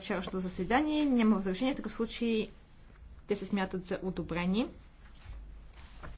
вчерашното заседание. Няма възражение, в такъв случай те се смятат за одобрени.